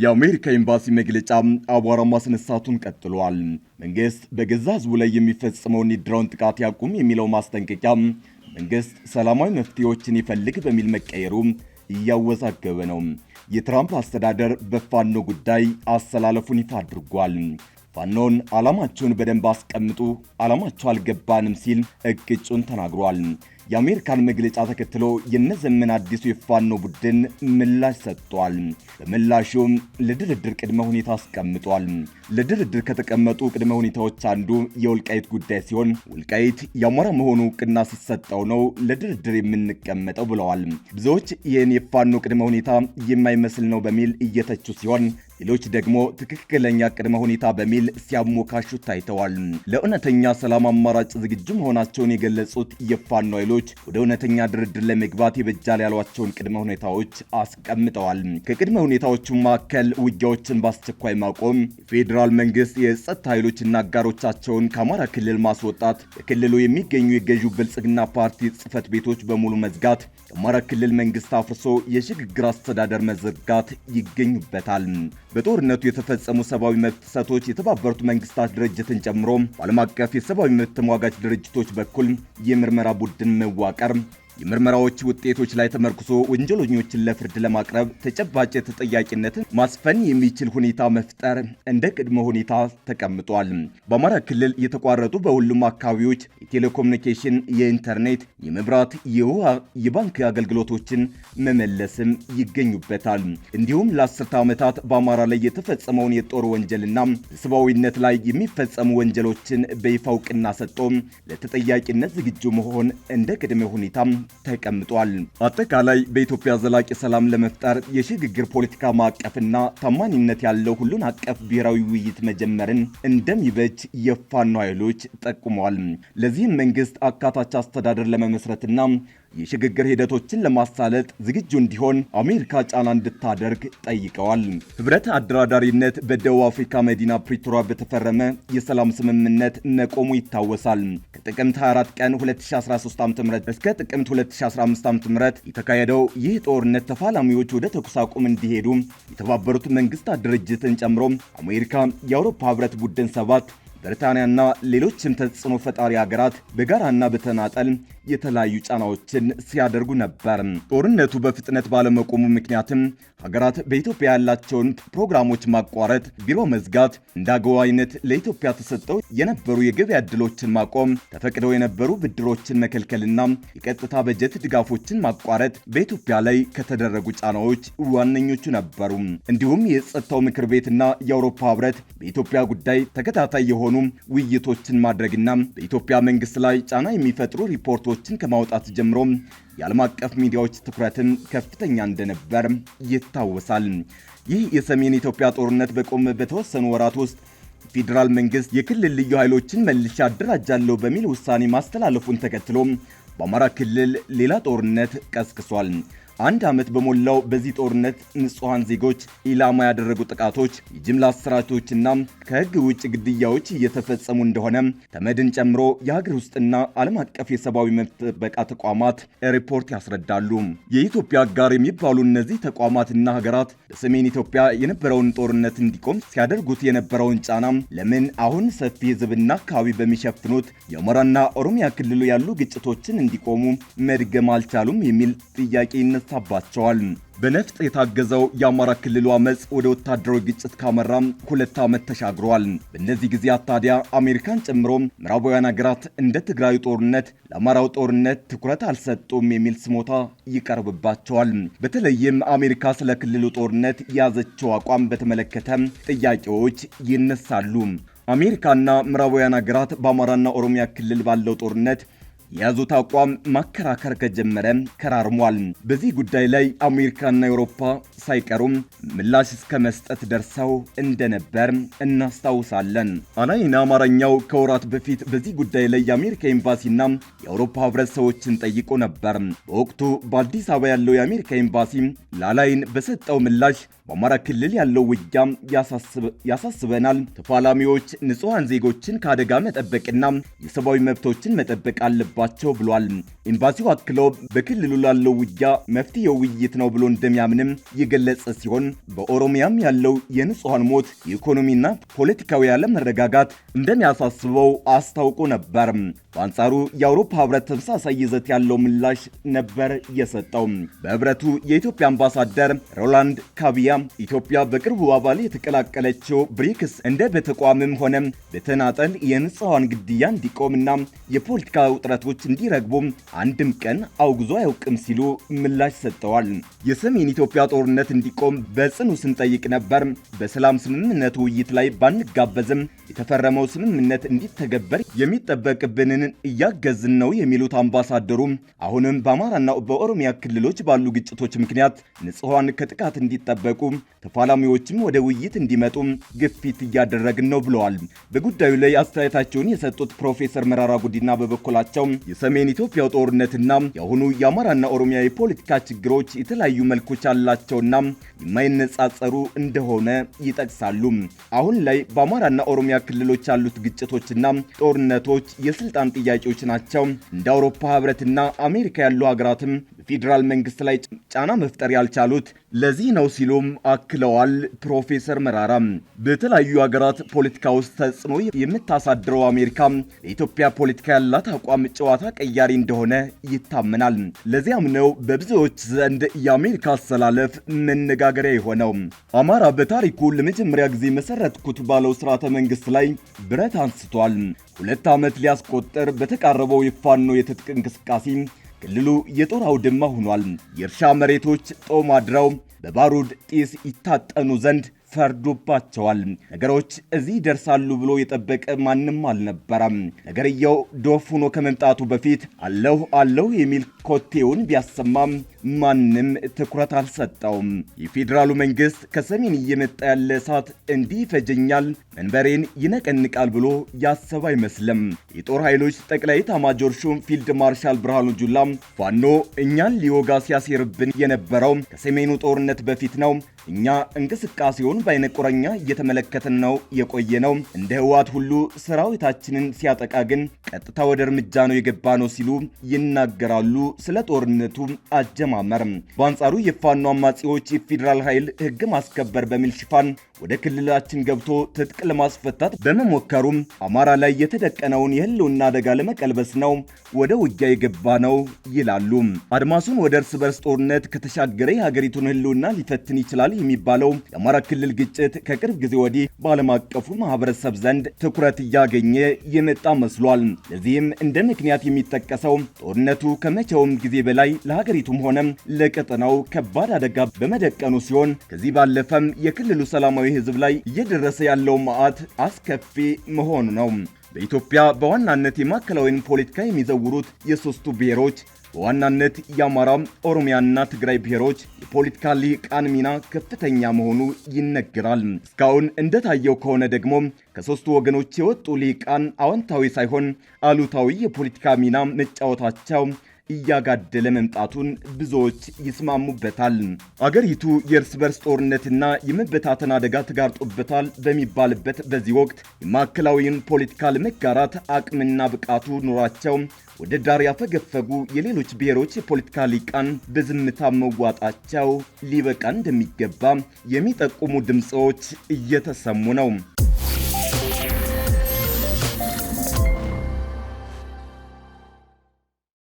የአሜሪካ ኤምባሲ መግለጫ አቧራ ማስነሳቱን ቀጥሏል። መንግስት በገዛ ህዝቡ ላይ የሚፈጽመውን የድሮን ጥቃት ያቁም የሚለው ማስጠንቀቂያ መንግስት ሰላማዊ መፍትሄዎችን ይፈልግ በሚል መቀየሩ እያወዛገበ ነው። የትራምፕ አስተዳደር በፋኖ ጉዳይ አሰላለፉን ይፋ አድርጓል። ፋኖን ዓላማቸውን በደንብ አስቀምጡ፣ ዓላማቸው አልገባንም ሲል እቅጩን ተናግሯል። የአሜሪካን መግለጫ ተከትሎ የነዘመን አዲሱ የፋኖ ቡድን ምላሽ ሰጥቷል። በምላሹም ለድርድር ቅድመ ሁኔታ አስቀምጧል። ለድርድር ከተቀመጡ ቅድመ ሁኔታዎች አንዱ የወልቃይት ጉዳይ ሲሆን ወልቃይት የአማራ መሆኑ እውቅና ሲሰጠው ነው ለድርድር የምንቀመጠው ብለዋል። ብዙዎች ይህን የፋኖ ቅድመ ሁኔታ የማይመስል ነው በሚል እየተቹ ሲሆን ሌሎች ደግሞ ትክክለኛ ቅድመ ሁኔታ በሚል ሲያሞካሹ ታይተዋል። ለእውነተኛ ሰላም አማራጭ ዝግጁ መሆናቸውን የገለጹት የፋኖ ኃይሎች ወደ እውነተኛ ድርድር ለመግባት የበጃል ያሏቸውን ቅድመ ሁኔታዎች አስቀምጠዋል። ከቅድመ ሁኔታዎቹ መካከል ውጊያዎችን በአስቸኳይ ማቆም፣ የፌዴራል መንግስት የጸጥታ ኃይሎችና አጋሮቻቸውን ከአማራ ክልል ማስወጣት፣ በክልሉ የሚገኙ የገዢው ብልጽግና ፓርቲ ጽህፈት ቤቶች በሙሉ መዝጋት፣ የአማራ ክልል መንግስት አፍርሶ የሽግግር አስተዳደር መዘርጋት ይገኙበታል። በጦርነቱ የተፈጸሙ ሰብአዊ መብት ጥሰቶች የተባበሩት መንግስታት ድርጅትን ጨምሮ በዓለም አቀፍ የሰብአዊ መብት ተሟጋች ድርጅቶች በኩል የምርመራ ቡድን መዋቀር የምርመራዎች ውጤቶች ላይ ተመርኩዞ ወንጀለኞችን ለፍርድ ለማቅረብ ተጨባጭ ተጠያቂነትን ማስፈን የሚችል ሁኔታ መፍጠር እንደ ቅድመ ሁኔታ ተቀምጧል። በአማራ ክልል የተቋረጡ በሁሉም አካባቢዎች የቴሌኮሙኒኬሽን፣ የኢንተርኔት፣ የመብራት፣ የውሃ፣ የባንክ አገልግሎቶችን መመለስም ይገኙበታል። እንዲሁም ለአስርተ ዓመታት በአማራ ላይ የተፈጸመውን የጦር ወንጀልና ሰብአዊነት ላይ የሚፈጸሙ ወንጀሎችን በይፋ እውቅና ሰጥቶ ለተጠያቂነት ዝግጁ መሆን እንደ ቅድመ ሁኔታ ተቀምጧል። አጠቃላይ በኢትዮጵያ ዘላቂ ሰላም ለመፍጠር የሽግግር ፖለቲካ ማዕቀፍና ታማኝነት ያለው ሁሉን አቀፍ ብሔራዊ ውይይት መጀመርን እንደሚበጅ የፋኖ ኃይሎች ጠቁመዋል። ለዚህም መንግስት አካታች አስተዳደር ለመመስረትና የሽግግር ሂደቶችን ለማሳለጥ ዝግጁ እንዲሆን አሜሪካ ጫና እንድታደርግ ጠይቀዋል። ህብረት አደራዳሪነት በደቡብ አፍሪካ መዲና ፕሪቶሪያ በተፈረመ የሰላም ስምምነት መቆሙ ይታወሳል። ከጥቅምት 24 ቀን 2013 ዓ ም እስከ ጥቅምት 2015 ዓ ም የተካሄደው ይህ ጦርነት ተፋላሚዎች ወደ ተኩስ አቁም እንዲሄዱ የተባበሩት መንግስታት ድርጅትን ጨምሮ አሜሪካ፣ የአውሮፓ ህብረት ቡድን ሰባት ብሪታንያና ሌሎችም ተጽዕኖ ፈጣሪ ሀገራት በጋራና በተናጠል የተለያዩ ጫናዎችን ሲያደርጉ ነበር። ጦርነቱ በፍጥነት ባለመቆሙ ምክንያትም ሀገራት በኢትዮጵያ ያላቸውን ፕሮግራሞች ማቋረጥ፣ ቢሮ መዝጋት፣ እንደ አገዋ አይነት ለኢትዮጵያ ተሰጠው የነበሩ የገበያ ዕድሎችን ማቆም፣ ተፈቅደው የነበሩ ብድሮችን መከልከልና የቀጥታ በጀት ድጋፎችን ማቋረጥ በኢትዮጵያ ላይ ከተደረጉ ጫናዎች ዋነኞቹ ነበሩ። እንዲሁም የጸጥታው ምክር ቤትና የአውሮፓ ህብረት በኢትዮጵያ ጉዳይ ተከታታይ የሆኑ የሆኑ ውይይቶችን ማድረግና በኢትዮጵያ መንግስት ላይ ጫና የሚፈጥሩ ሪፖርቶችን ከማውጣት ጀምሮ የዓለም አቀፍ ሚዲያዎች ትኩረትን ከፍተኛ እንደነበር ይታወሳል። ይህ የሰሜን ኢትዮጵያ ጦርነት በቆመ በተወሰኑ ወራት ውስጥ ፌዴራል መንግስት የክልል ልዩ ኃይሎችን መልሼ አደራጃለሁ በሚል ውሳኔ ማስተላለፉን ተከትሎ በአማራ ክልል ሌላ ጦርነት ቀስቅሷል። አንድ ዓመት በሞላው በዚህ ጦርነት ንጹሐን ዜጎች ኢላማ ያደረጉ ጥቃቶች፣ የጅምላ እስራቶችና ከህግ ውጭ ግድያዎች እየተፈጸሙ እንደሆነ ተመድን ጨምሮ የሀገር ውስጥና ዓለም አቀፍ የሰብአዊ መብት ጥበቃ ተቋማት ሪፖርት ያስረዳሉ። የኢትዮጵያ አጋር የሚባሉ እነዚህ ተቋማትና ሀገራት በሰሜን ኢትዮጵያ የነበረውን ጦርነት እንዲቆም ሲያደርጉት የነበረውን ጫና ለምን አሁን ሰፊ ህዝብና አካባቢ በሚሸፍኑት የአማራና ኦሮሚያ ክልል ያሉ ግጭቶችን እንዲቆሙ መድገም አልቻሉም የሚል ጥያቄ ይነሳል። በርታባቸዋል። በነፍጥ የታገዘው የአማራ ክልሉ አመፅ ወደ ወታደራዊ ግጭት ካመራም ሁለት ዓመት ተሻግሯል። በእነዚህ ጊዜያት ታዲያ አሜሪካን ጨምሮ ምዕራባውያን ሀገራት እንደ ትግራዩ ጦርነት ለአማራው ጦርነት ትኩረት አልሰጡም የሚል ስሞታ ይቀርብባቸዋል። በተለይም አሜሪካ ስለ ክልሉ ጦርነት የያዘችው አቋም በተመለከተ ጥያቄዎች ይነሳሉ። አሜሪካና ምዕራባውያን ሀገራት በአማራና ኦሮሚያ ክልል ባለው ጦርነት የያዙት አቋም ማከራከር ከጀመረ ከራርሟል። በዚህ ጉዳይ ላይ አሜሪካና አውሮፓ ሳይቀሩም ምላሽ እስከ መስጠት ደርሰው እንደነበር እናስታውሳለን። አናይና አማርኛው ከወራት በፊት በዚህ ጉዳይ ላይ የአሜሪካ ኤምባሲና የአውሮፓ ህብረት ሰዎችን ጠይቆ ነበር። በወቅቱ በአዲስ አበባ ያለው የአሜሪካ ኤምባሲ ላላይን በሰጠው ምላሽ በአማራ ክልል ያለው ውጊያ ያሳስበናል፣ ተፋላሚዎች ንጹሐን ዜጎችን ከአደጋ መጠበቅና የሰብአዊ መብቶችን መጠበቅ አለባቸው አለባቸው ብሏል። ኤምባሲው አክሎ በክልሉ ላለው ውጊያ መፍትሄው ውይይት ነው ብሎ እንደሚያምንም የገለጸ ሲሆን በኦሮሚያም ያለው የንጹሐን ሞት፣ የኢኮኖሚና ፖለቲካዊ አለመረጋጋት እንደሚያሳስበው አስታውቆ ነበር። በአንጻሩ የአውሮፓ ህብረት ተመሳሳይ ይዘት ያለው ምላሽ ነበር የሰጠው። በህብረቱ የኢትዮጵያ አምባሳደር ሮላንድ ካቢያ ኢትዮጵያ በቅርቡ አባል የተቀላቀለችው ብሪክስ እንደ በተቋምም ሆነ በተናጠል የንጹሐን ግድያ እንዲቆምና የፖለቲካ ውጥረት ወጣቶች እንዲረግቡም አንድም ቀን አውግዞ አያውቅም ሲሉ ምላሽ ሰጥተዋል። የሰሜን ኢትዮጵያ ጦርነት እንዲቆም በጽኑ ስንጠይቅ ነበር። በሰላም ስምምነት ውይይት ላይ ባንጋበዝም የተፈረመው ስምምነት እንዲተገበር የሚጠበቅብንን እያገዝን ነው የሚሉት አምባሳደሩም አሁንም በአማራና በኦሮሚያ ክልሎች ባሉ ግጭቶች ምክንያት ንጹሐን ከጥቃት እንዲጠበቁ ተፋላሚዎችም ወደ ውይይት እንዲመጡ ግፊት እያደረግን ነው ብለዋል። በጉዳዩ ላይ አስተያየታቸውን የሰጡት ፕሮፌሰር መራራ ጉዲና በበኩላቸው የሰሜን ኢትዮጵያው ጦርነትና የአሁኑ የአማራና ኦሮሚያ የፖለቲካ ችግሮች የተለያዩ መልኮች አላቸውና የማይነጻጸሩ እንደሆነ ይጠቅሳሉ። አሁን ላይ በአማራና ኦሮሚያ ክልሎች ያሉት ግጭቶችና ጦርነቶች የስልጣን ጥያቄዎች ናቸው። እንደ አውሮፓ ህብረትና አሜሪካ ያሉ ሀገራትም ፌዴራል መንግስት ላይ ጫና መፍጠር ያልቻሉት ለዚህ ነው ሲሉም አክለዋል። ፕሮፌሰር መራራ በተለያዩ ሀገራት ፖለቲካ ውስጥ ተጽዕኖ የምታሳድረው አሜሪካ ለኢትዮጵያ ፖለቲካ ያላት አቋም ጨዋታ ቀያሪ እንደሆነ ይታመናል። ለዚያም ነው በብዙዎች ዘንድ የአሜሪካ አሰላለፍ መነጋገሪያ የሆነው። አማራ በታሪኩ ለመጀመሪያ ጊዜ መሰረትኩት ባለው ስርዓተ መንግስት ላይ ብረት አንስቷል። ሁለት ዓመት ሊያስቆጠር በተቃረበው የፋኖ የትጥቅ እንቅስቃሴ ክልሉ የጦር አውድማ ሆኗል። የእርሻ መሬቶች ጦም አድረው በባሩድ ጢስ ይታጠኑ ዘንድ ፈርዶባቸዋል። ነገሮች እዚህ ይደርሳሉ ብሎ የጠበቀ ማንም አልነበረም። ነገርየው ዶፍ ሆኖ ከመምጣቱ በፊት አለሁ አለሁ የሚል ኮቴውን ቢያሰማም ማንም ትኩረት አልሰጠውም። የፌዴራሉ መንግስት ከሰሜን እየመጣ ያለ እሳት እንዲህ ይፈጀኛል፣ መንበሬን ይነቀንቃል ብሎ ያሰብ አይመስልም። የጦር ኃይሎች ጠቅላይ ኤታማዦር ሹም ፊልድ ማርሻል ብርሃኑ ጁላም ፋኖ እኛን ሊወጋ ሲያሴርብን የነበረው ከሰሜኑ ጦርነት በፊት ነው እኛ እንቅስቃሴውን በአይነ ቁረኛ እየተመለከትን ነው የቆየ ነው። እንደ ህወሓት ሁሉ ሰራዊታችንን ሲያጠቃ ግን ቀጥታ ወደ እርምጃ ነው የገባ ነው ሲሉ ይናገራሉ። ስለ ጦርነቱ አጀማመር በአንጻሩ የፋኖ አማጺዎች የፌዴራል ኃይል ህግ ማስከበር በሚል ሽፋን ወደ ክልላችን ገብቶ ትጥቅ ለማስፈታት በመሞከሩም አማራ ላይ የተደቀነውን የህልውና አደጋ ለመቀልበስ ነው ወደ ውጊያ የገባ ነው ይላሉ። አድማሱን ወደ እርስ በርስ ጦርነት ከተሻገረ የሀገሪቱን ህልውና ሊፈትን ይችላል የሚባለው የአማራ ክልል ግጭት ከቅርብ ጊዜ ወዲህ በዓለም አቀፉ ማህበረሰብ ዘንድ ትኩረት እያገኘ የመጣ መስሏል። ለዚህም እንደ ምክንያት የሚጠቀሰው ጦርነቱ ከመቼውም ጊዜ በላይ ለሀገሪቱም ሆነ ለቀጠናው ከባድ አደጋ በመደቀኑ ሲሆን ከዚህ ባለፈም የክልሉ ሰላማዊ ህዝብ ላይ እየደረሰ ያለው መዓት አስከፊ መሆኑ ነው። በኢትዮጵያ በዋናነት የማዕከላዊን ፖለቲካ የሚዘውሩት የሶስቱ ብሔሮች በዋናነት የአማራ ኦሮሚያና ትግራይ ብሔሮች የፖለቲካ ሊቃን ሚና ከፍተኛ መሆኑ ይነገራል። እስካሁን እንደታየው ከሆነ ደግሞ ከሦስቱ ወገኖች የወጡ ሊቃን አዎንታዊ ሳይሆን አሉታዊ የፖለቲካ ሚና መጫወታቸው እያጋደለ መምጣቱን ብዙዎች ይስማሙበታል። አገሪቱ የእርስ በርስ ጦርነትና የመበታተን አደጋ ተጋርጦበታል በሚባልበት በዚህ ወቅት የማዕከላዊን ፖለቲካ ለመጋራት አቅምና ብቃቱ ኑሯቸው ወደ ዳር ያፈገፈጉ የሌሎች ብሔሮች የፖለቲካ ሊቃን በዝምታ መዋጣቸው ሊበቃ እንደሚገባ የሚጠቁሙ ድምፆች እየተሰሙ ነው።